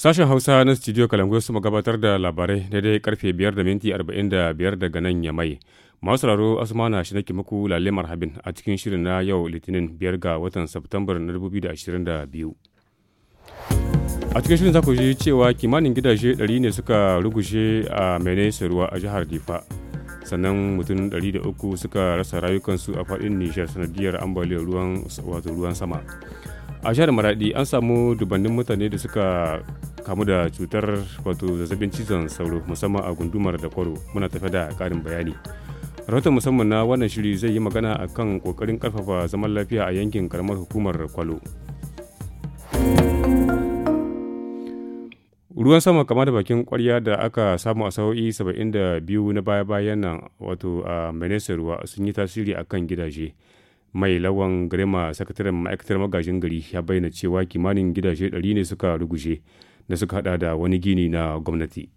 Sashen Hausa na Studio Kalangu su gabatar da labarai daidai karfe 5 da minti 45 daga nan ya mai. Masu sauraro Asmana shi nake muku lalle marhabin a cikin shirin na yau Litinin 5 ga watan Satumbar na 2022. A cikin shirin za ku ji cewa kimanin gidaje 100 ne suka rugushe a Mene ruwa a jihar Difa. sannan mutum uku suka rasa rayukansu a faɗin nishar sanadiyar ambaliyar ruwan wato ruwan sama a jihar maradi an samu dubannin mutane da suka kamu da cutar wato zazzabin cizon sauro musamman a gundumar da kwaro muna tafe da karin bayani rahoton musamman na wannan shiri zai yi magana a kan ƙoƙarin ƙarfafa zaman lafiya a yankin karamar hukumar kwalo ruwan sama kama da bakin kwarya da aka samu a sa'o'i 72 na baya-bayan nan wato a manesa ruwa sun yi tasiri a kan gidaje mai lawan grema sakataren ma'aikatar magajin gari ya bayyana cewa kimanin gidaje 100 ne suka ruguje da suka hada da wani gini na gwamnati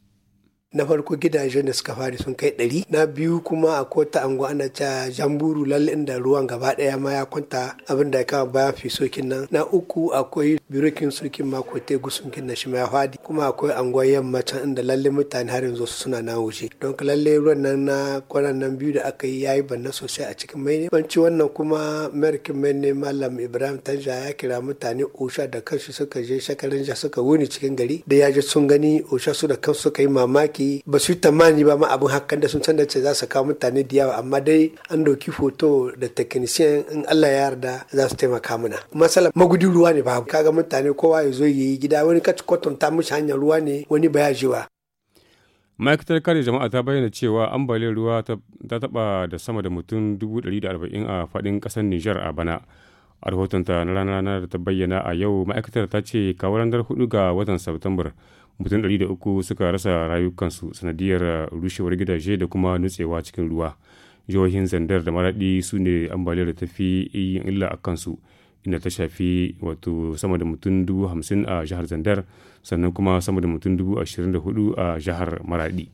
na farko gidajen da suka fari sun kai ɗari na biyu kuma a kota anguwa ana ca jamburu lalle inda ruwan gaba ɗaya ma ya kwanta abin da ya kama bayan fisokin nan na uku akwai birokin surkin makote gusunkin na shi ma ya fadi kuma akwai yamma yammacin inda lalle mutane har yanzu suna na wuce don lalle ruwan nan na kwanan nan biyu da aka yi yayi banna sosai a cikin mai ne banci wannan kuma merkin mai ne malam ibrahim tanja ya kira mutane osha da kansu suka je shakarin suka wuni cikin gari da ya ji sun gani osha su da kansu suka yi mamaki ke ba su yi tamani ba ma abin hakan da sun san da ce za su kawo mutane da yawa amma dai an doki foto da technician in Allah ya yarda za su taimaka mana masala magudin ruwa ne ba kaga mutane kowa ya zo yayi gida wani kaci ta mishi hanyar ruwa ne wani baya jiwa ma'aikatar kare jama'a ta bayyana cewa ambaliyar ruwa ta taba da sama da mutum 140 a fadin kasar niger a bana a rahotonta na ranar da ta bayyana a yau ma'aikatar ta ce kawo ranar 4 ga watan Satumbar mutum uku suka rasa rayukansu sanadiyar uh, rushewar gidaje da kuma nutsewa cikin ruwa jihohin zandar da maraɗi su ne ambaliyar da ta fi yin illa a kansu inda ta shafi wato sama da mutum dubu hamsin a jihar zandar sannan kuma sama da mutum dubu ashirin da hudu a jihar maraɗi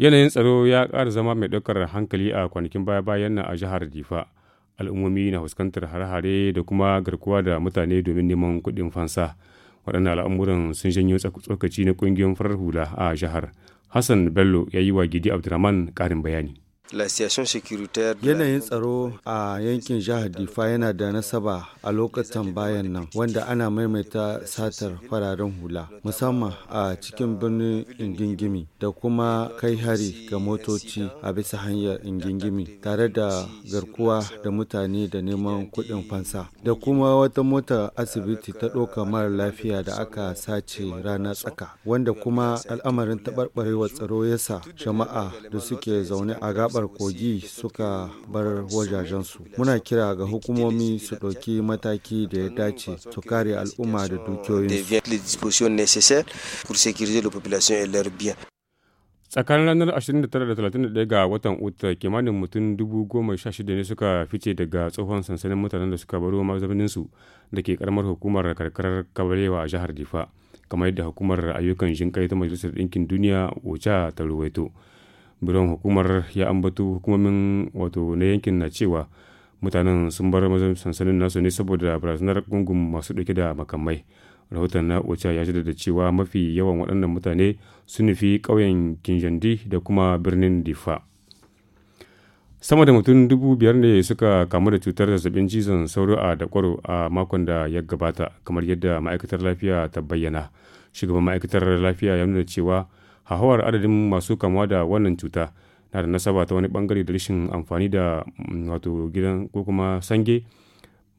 yanayin tsaro ya ƙara zama mai ɗaukar hankali a kwanakin baya-bayan nan a jihar difa al'ummomi na fuskantar hare-hare da kuma garkuwa da mutane domin neman kuɗin fansa waɗannan al'amuran sun janyo tsokaci na ƙungiyar farar hula a jihar hassan bello ya yi wa gidi abdulrahman ƙarin bayani Yanayin tsaro a yankin jihar Difa yana da nasaba a lokacin bayan nan wanda ana maimaita satar fararen hula musamman a cikin birnin Ingingimi da kuma kai hari ga motoci a bisa hanyar Ingingimi tare da garkuwa da mutane da neman kuɗin fansa da kuma wata mota asibiti ta euh, ɗauka mara lafiya da aka sace rana tsaka wanda kuma al'amarin taɓarɓarewa tsaro yasa jama'a da suke zaune a gaɓar gabar kogi suka bar wajajensu muna kira ga hukumomi su ɗauki mataki da ya dace su kare al'umma da dukiyoyinsu tsakanin ranar 29 da 31 ga watan uta kimanin mutum 16,000 ne suka fice daga tsohon sansanin mutanen da suka baro mazauninsu da ke karamar hukumar karkarar kabarewa a jihar difa kamar yadda hukumar ayyukan jinkai ta majalisar ɗinkin duniya wuce ta ruwaito biron hukumar ya ambatu hukumomin wato na yankin na cewa mutanen sun bar mazan sansanin nasu ne saboda barazanar gungun masu ɗauke da makamai rahoton na ocha ya da cewa mafi yawan waɗannan mutane sun nufi ƙauyen kinjandi da kuma birnin difa sama da mutum dubu biyar ne suka kamu da cutar zazzabin cizon sauro a dakwaro a makon da ya gabata kamar yadda ma'aikatar lafiya ta bayyana shugaban ma'aikatar lafiya ya nuna cewa hahawar adadin masu kamuwa da wannan cuta na da nasaba ta wani bangare da rashin amfani da mm, wato gidan ko kuma sange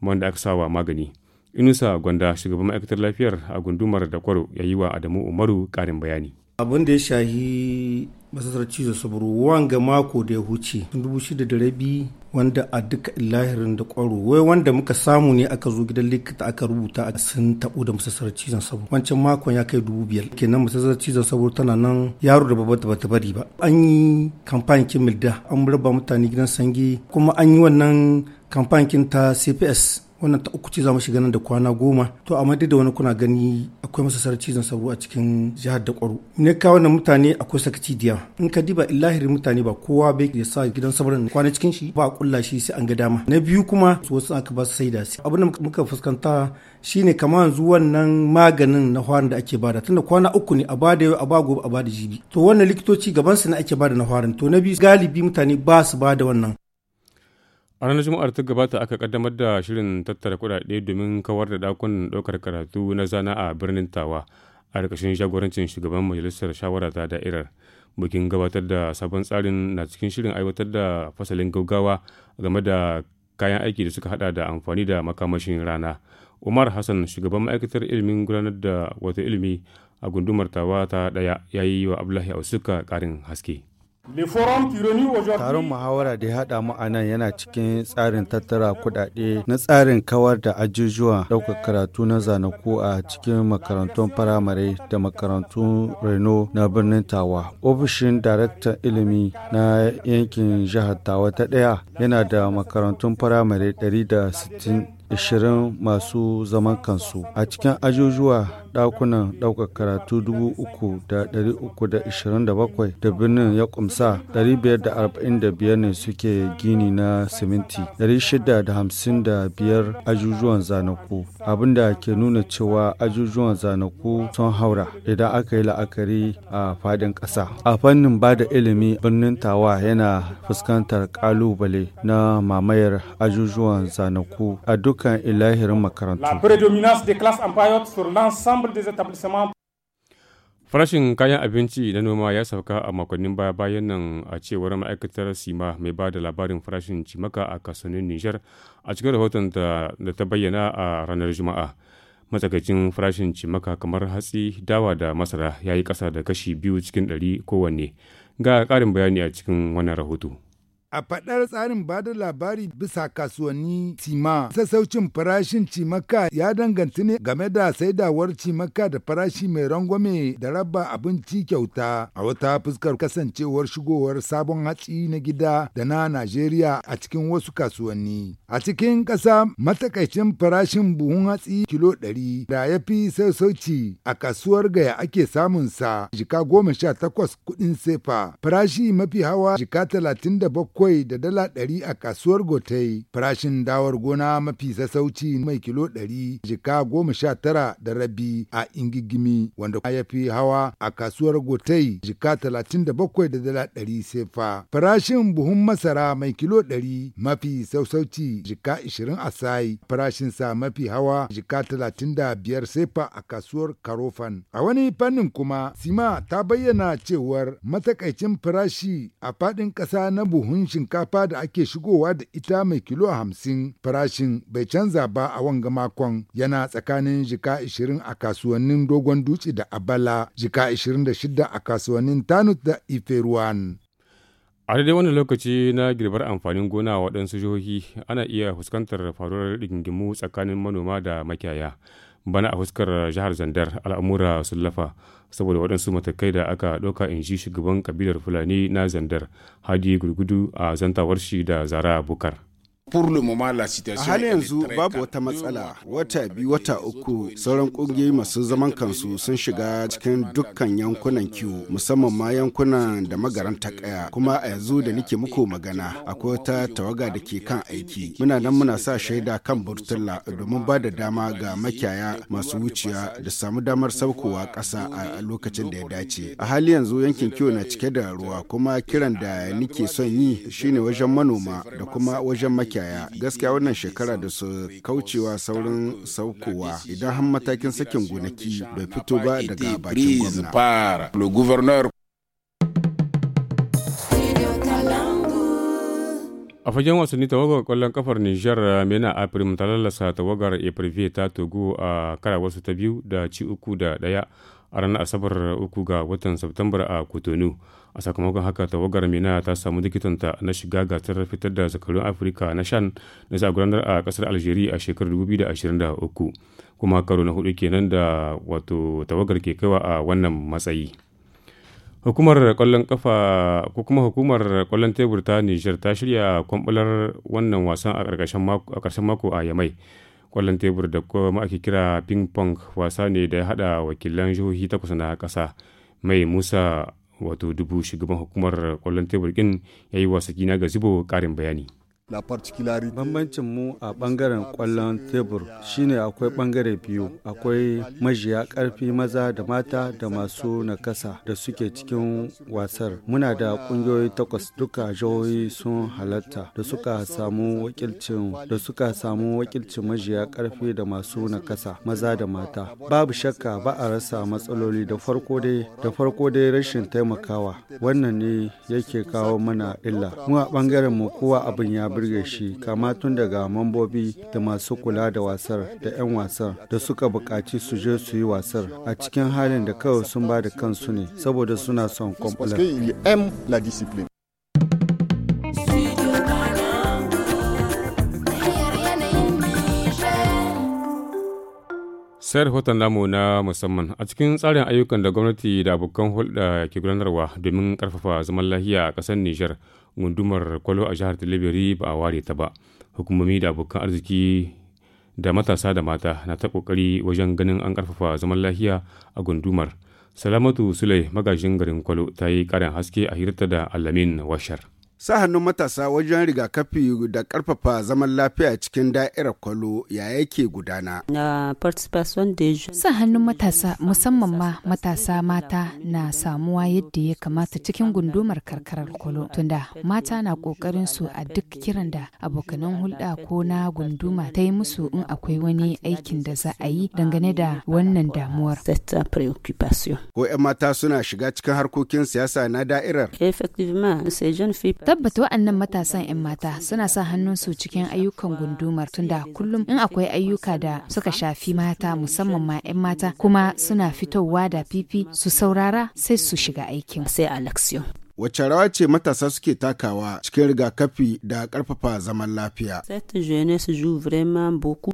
wanda aka sawa magani inusa gwanda shugaban ma'aikatar lafiyar a gundumar da kwaro ya yi wa adamu umaru karin bayani abin da ya shahi masasar cizon saburo wanga mako da ya huce dubu shida da rabi wanda a duka lahirin da kwaro wai wanda muka samu ne aka zo gidan likita aka rubuta a sun tabo da masasar cizon saburo wancan makon ya kai dubu biyar kenan masasar cizon saburo tana nan yaro da babba bata bari ba an yi kamfani kimil da an raba mutane gidan sange kuma an yi wannan kamfani ta cps wannan ta uku ce za mu shiga nan da kwana goma to amma duk da wani kuna gani akwai sarci cizon sauro a cikin jihar da kwaro ne ka wannan mutane akwai sakaci diya in ka diba illahiri mutane ba kowa bai ya sa gidan sabarin kwana cikin shi ba a kulla shi sai an ga dama na biyu kuma wasu aka ba su saida su abin da muka fuskanta shine kamar yanzu wannan maganin na hwarin da ake bada tunda kwana uku ne a bada yau a ba gobe a bada jibi to wannan likitoci gaban su ne ake bada na hwarin to na biyu galibi mutane ba su bada wannan a ranar juma'ar ta gabata aka kaddamar da shirin tattara kudade domin kawar da dakunan ɗaukar karatu na zana a birnin tawa a ƙarƙashin jagorancin shugaban majalisar shawara ta da'irar bikin gabatar da sabon tsarin na cikin shirin aiwatar da fasalin gaugawa game da kayan aiki da suka hada da amfani da makamashin rana umar hassan shugaban ma'aikatar ilimin gudanar da wata ilimi a gundumar tawa ta ɗaya ya yi wa abdullahi ausuka ƙarin haske Taron muhawara da ya haɗa mu a yana cikin tsarin tattara kuɗaɗe na tsarin kawar da ajujuwa ɗaukar karatu na zanaku a cikin makarantun firamare da makarantun reno na birnin Tawa. Ofishin Daraktan Ilimi na yankin jihar Tawa ta ɗaya yana da makarantun firamare 160 20 masu zaman kansu a cikin ajujuwa dakunan ɗaukar karatu 3,327 da birnin ya kumsa 545 ne suke gini na siminti 655 ajujuwan zanaku abinda ke nuna cewa ajujuwan zanaku sun haura idan aka yi la'akari a fadin ƙasa a fannin ba da ilimi birnin tawa yana fuskantar ƙalubale na mamayar ajujuwan zanaku a duk ayyukan ilahirin makarantu. La des classes Farashin kayan abinci na noma ya sauka a makonnin baya bayan nan a cewar ma'aikatar Sima mai ba da labarin farashin cimaka a kasuwannin Nijar a cikin rahoton da ta bayyana a ranar Juma'a. Matsakaicin farashin cimaka kamar hatsi, dawa da masara ya yi ƙasa da kashi biyu cikin ɗari kowanne. Ga ƙarin bayani a cikin wannan rahoto. A faɗar tsarin ba da labari bisa kasuwanni cima, sassaucin farashin cimaka ya danganta ne game da saidawar cimaka da farashi mai rangwame da raba abinci kyauta a wata fuskar kasancewar shigowar sabon hatsi na gida da na Najeriya a cikin wasu kasuwanni. A cikin ƙasa matakaicin farashin buhun hatsi kilo ɗari da ya fi sassauci a kasuwar gaya ake sa. jika goma sha takwas kuɗin sefa, farashi mafi hawa jika talatin da bakwai bakwai da dala ɗari a kasuwar gotai farashin dawar gona mafi sassauci mai kilo ɗari jika goma sha tara da rabi a ingigimi wanda ya fi hawa a kasuwar gotai jika talatin da bakwai da dala ɗari sefa farashin buhun masara mai kilo ɗari mafi sassauci jika ishirin a sai sa mafi hawa jika talatin da biyar sefa a kasuwar karofan a wani fannin kuma sima ta bayyana cewar matakaicin farashi a faɗin ƙasa na buhun shinkafa da ake shigowa da ita mai kilo hamsin farashin bai canza ba a wanga makon yana tsakanin jika 20 a kasuwannin dogon dutse da abala jika 26 a kasuwannin tanut da iferuwan. a daidai wannan lokaci na girbar amfanin gona a waɗansu jihohi ana iya fuskantar faruwar rigingimu tsakanin manoma da makiyaya bana a fuskar jihar zandar al'amura sun saboda waɗansu matakai da aka ɗauka in ji shugaban kabilar fulani na zandar hadi gurgudu a zantawar shi da zara bukar A hali yanzu babu wata matsala wata biyu wata uku sauran kungiyoyi masu zaman kansu sun shiga cikin dukkan yankunan kiwo musamman ma yankunan da magaran kaya kuma a yanzu da nake muku magana akwai wata tawaga da ke kan aiki muna nan muna sa shaida kan burtula domin ba da dama ga makiyaya masu wuciya da samu damar saukowa ƙasa a lokacin da ya dace a hali yanzu yankin kiwo na cike da ruwa kuma kiran da nike son yi shine wajen manoma da kuma wajen makiyaya makiyaya gaskiya wannan shekara da su kaucewa saurin saukowa idan har matakin sakin gonaki bai fito ba daga bakin gwamna. a fagen wasanni tawagar kwallon kafar nijar mena afirim ta lallasa tawagar eprive ta togo a kara wasu ta biyu da ci uku da daya a ranar asabar uku ga watan september a Kotonu. A sakamakon haka tawagar Mina ta samu likitanta na shiga gasar fitar da zakarun Afirka na shan da za a gudanar a kasar Algeria a shekarar 2023 kuma karo na hudu kenan da wato tawagar ke kaiwa a wannan matsayi. hukumar kwallon kafa ko kuma hukumar kwallon tebur ta Nijar ta shirya kwambular wannan wasan a ƙarshen mako a Yamai kwallon tebur da kuma ake kira ping pong wasa ne da ya haɗa wakilan jihohi takwas na kasa mai musa wato dubu shugaban hukumar kwallon tebur ɗin ya yi wasa gina ga zubo karin bayani Bambancin mu a bangaren kwallon tebur shine akwai bangare biyu, akwai majiya karfi maza da mata da masu nakasa da suke cikin wasar. Muna da kungiyoyi takwas duka jihohi sun halatta da suka samu wakilcin da suka samu wakilcin majiya karfi da masu nakasa maza da mata. Babu shakka ba a rasa matsaloli da farko dai da farko dai rashin taimakawa. Wannan ne yake kawo mana illa. Mu a bangaren mu kowa abin ya burge shi kama tun daga mambobi da masu kula da wasar da 'yan wasar da suka buƙaci su je su yi wasar a cikin halin da kawai sun ba da kansu ne saboda suna son kwamfular. sai rahoton namu na musamman a cikin tsarin ayyukan da gwamnati da abokan hulɗa ke gudanarwa domin ƙarfafa zaman lahiya a ƙasar Nijar gundumar kwalo a jihar Liberi ba a ware ta ba. Hukumomi da abokan arziki da matasa da mata na ta kokari wajen ganin an karfafa zaman lafiya a gundumar. Salamatu Sule magajin garin Kwalo ta yi karin haske a hirta da Alamin Washar. sa hannun matasa wajen rigakafi da karfafa zaman lafiya cikin da'irar kwalo ya yake gudana. Sa hannun matasa musamman ma matasa mata na samuwa yadda ya kamata cikin gundumar karkarar kwalo tunda mata na kokarin su a duk kiran da abokanan hulɗa ko na gunduma ta yi musu in akwai wani aikin da za a yi dangane da wannan damuwar. Ko 'yan mata suna shiga cikin harkokin siyasa na da'irar. Tabbata waɗannan matasan 'yan mata suna sa hannunsu cikin ayyukan gundumar tunda kullum in akwai ayyuka da suka shafi mata musamman ma 'yan mata kuma suna fitowa da fifi su saurara sai su shiga aikin. Sai alexio wacce rawa ce matasa suke takawa cikin rigakafi da karfafa zaman lafiya.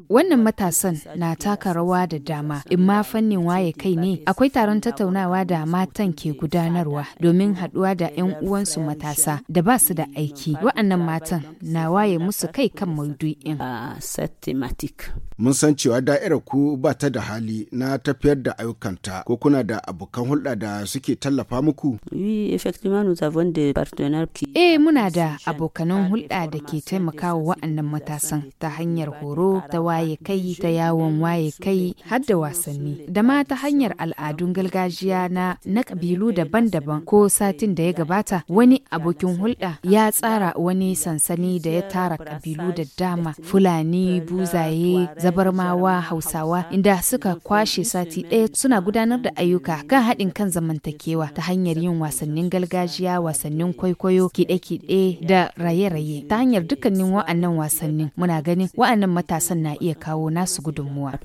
Wannan matasan na taka rawa da dama, in ma fannin waye kai ne akwai taron tattaunawa da matan ke gudanarwa domin haɗuwa da 'yan uwansu matasa da ba su da aiki. Wa'annan matan na waye musu kai kan maudu'in. Ah, Mun san cewa da'irar ku ba ta da hali na tafiyar da ayyukanta ko kuna da abokan hulɗa da suke tallafa muku? Eh muna da abokanan hulɗa da ke taimakawa wa'annan matasan ta hanyar horo ta waye kai ta yawon waye kai har da wasanni da ma ta hanyar al'adun gargajiya na na kabilu daban-daban ko satin da ya gabata wani abokin hulɗa ya tsara wani sansani da ya tara kabilu da dama fulani buzaye zabarmawa hausawa inda suka kwashe sati ɗaya suna gudanar da ayyuka kan haɗin kan zamantakewa ta hanyar yin wasannin gargajiya gargajiya wasannin kwaikwayo kiɗe-kiɗe da raye-raye ta hanyar dukkanin wa'annan wasannin muna ganin wa'annan matasan na iya kawo nasu gudunmuwa.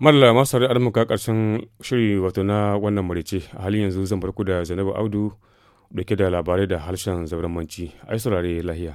Malla masu sauri an muka karshen shiri wato na wannan marice a halin yanzu zan barku da Zainabu Audu da ke da labarai da harshen zauramanci ai saurare lahiya.